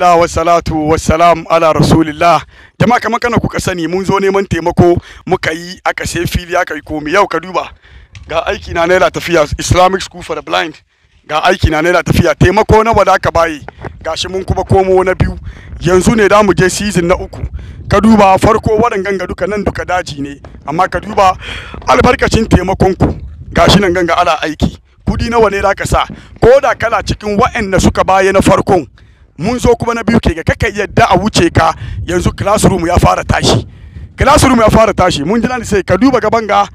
la wa salatu wa salam ala rasulillah jama'a kamar kana kuka sani mun zo neman taimako muka yi aka sai fili aka yi komai yau ka duba ga aiki na naira tafiya islamic school for the blind ga aiki na naira tafiya taimako na wada ka bayi gashi mun kuma komo na biyu yanzu ne da mu je season na uku ka duba farko wadan ganga duka nan duka daji ne amma ka duba albarkacin taimakon ku gashi nan ganga ala aiki kudi nawa ne da ka sa ko da kana cikin waɗanda suka baye na farkon mun zo kuma na biyu ke ga kaka yadda a wuce ka yanzu classroom ya fara tashi classroom ya fara tashi mun jira ne sai ka duba gaban ga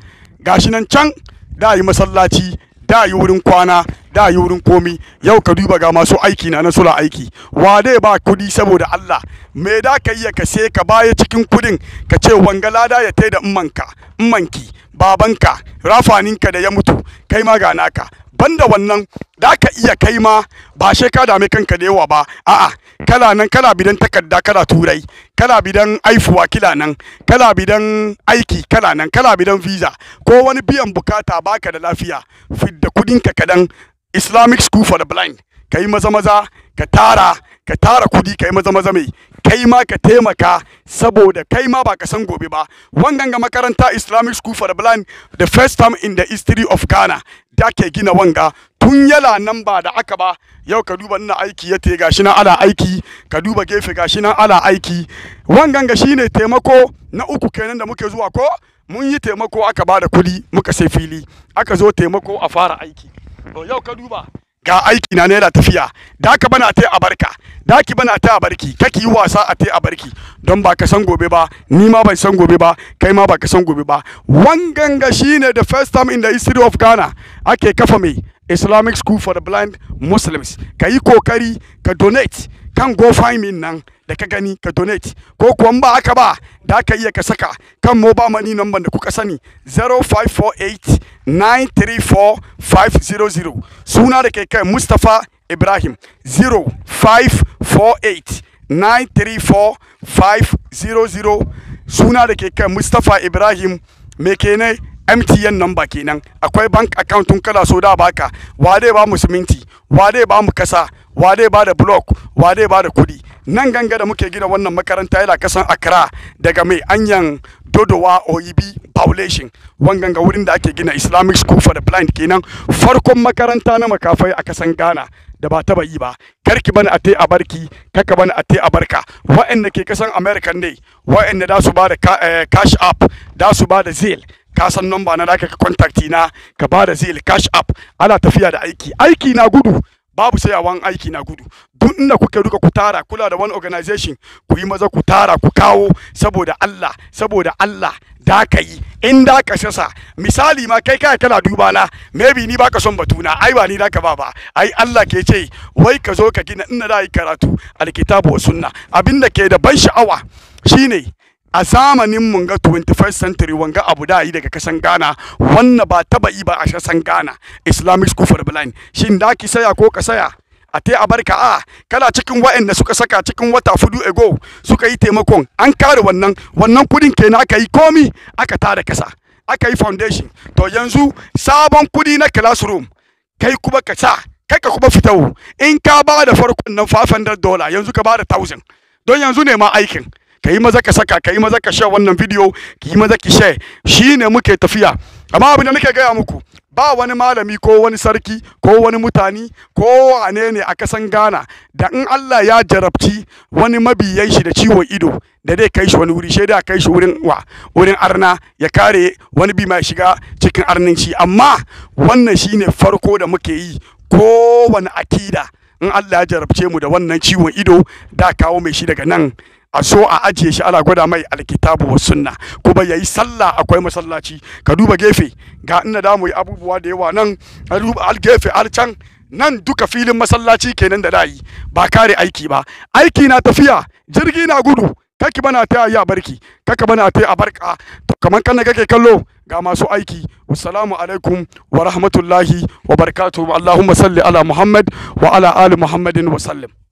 gashi nan can da yi masallaci da yi wurin kwana da yi wurin komi yau ka duba ga masu aiki na na sula aiki wa ba kudi saboda Allah me da ka iya ka sai ka baya cikin kudin ka ce wanga lada ya taida immanka immanki babanka rafaninka da ya mutu kai ma ga naka banda wannan da ka iya kai ma ba she ka dame kanka da yawa ba a'a kala nan kala bidan takarda kala turai kala bidan aifuwa kila nan kala bidan aiki kala nan kala bidan visa ko wani biyan bukata baka da lafiya fidda kudinka kadan islamic school for the blind ka yi maza maza ka tara ka tara kudi ka maza maza mai kai ma ka taimaka saboda kai ma ba ka san gobe ba wangan ga makaranta Islamic School for the Blind the first time in the history of Ghana da ke gina wanga tun yala nan ba da aka ba yau ka duba ina aiki ya tega gashi nan ala aiki ka duba gefe gashi nan ala aiki wangan shine taimako na uku kenan da muke zuwa ko mun yi taimako aka ba da kuɗi muka sai fili aka zo taimako a fara aiki yau ka duba ga aiki na naira tafiya da ka bana ta a da ki bana ta a barki kake yi wasa a ta a barki don ba ka san gobe ba ni ma ban san gobe ba kai ma ba ka san gobe ba wanganga shine the first time in the history of Ghana ake kafa mai Islamic school for the blind Muslims ka yi kokari ka donate kan go find me nan da ka gani ka donate ko kuwa ba haka ba da ka iya ka saka kan ba mani number da kuka sani 0548934500 suna da kai kai Mustapha Ibrahim 0548934500 suna da ke kai Mustapha Ibrahim me kenan MTN number kenan akwai bank account tun so da baka wa dai ba mu siminti wa dai ba mu kasa wa dai ba da block wa dai ba da kuɗi nan ganga da muke gina wannan makaranta yana kasan Accra daga mai anyan dodowa oibi foundation wangan ga wurin da ake gina islamic school for the blind kenan farkon makaranta na makafai a kasan ghana da ba taba yi ba karki bani a a barki kaka bani a a barka wa'anda ke kasan american ne wa'anda da su ba da eh, cash app da su ba da zeal ka san number na da ka contact na ka ba da zeal cash app ana tafiya da aiki aiki na gudu babu sayawan aiki na gudu duk inda kuka duka ku tara kula da wani organization ku yi maza ku tara ku kawo saboda Allah saboda Allah da ka yi in da ka sasa misali ma kai kai kana duba na maybe ni baka son batuna ai ba ni da ka ba ba ai Allah ke ce wai ka zo ka gina inda da yi karatu alkitabu wa sunna abinda ke da ban sha'awa shine a zamanin mun ga 21st century wanga abu da yi daga kasan Ghana wannan ba taba yi ba a kasan Ghana Islamic school for the blind shin da ki saya ko ka saya a te a barka a kana cikin wa'anda suka saka cikin wata fudu ego suka yi taimakon an kare wannan wannan kudin kenan aka yi komi aka tara kasa aka yi foundation to yanzu sabon kudi na classroom kai kuma ka sa kai ka kuma fitawo in ka ba da farkon nan 500 dollar yanzu ka ba da 1000 don yanzu ne ma aikin ka yi maza ka saka ka yi maza ka share wannan video ki yi maza ki share shine muke tafiya amma abin da nake gaya muku ba wani malami ko wani sarki ko wani mutani ko wane ne a kasan Ghana da in Allah ya jarabci wani mabiyan shi da ciwo ido da dai kai shi wani wuri sai da kai shi wurin wa wurin arna ya kare wani bi mai shiga cikin arnin shi amma wannan shine farko da muke yi ko wani akida in Allah ya jarabce mu da wannan ciwon ido da kawo mai shi daga nan a so a ajiye shi ala gwada mai alkitabu wa sunna kuma yayi sallah akwai masallaci ka duba gefe ga ina da mu yi abubuwa da yawa nan al gefe al can nan duka filin masallaci kenan da dayi ba kare aiki ba aiki na tafiya jirgi na gudu kaki bana ta ya barki kaka bana ta a barka to kaman kanna kake kallo ga masu aiki wassalamu alaikum wa rahmatullahi wa barakatuh allahumma salli ala muhammad wa ala ali muhammadin wa sallam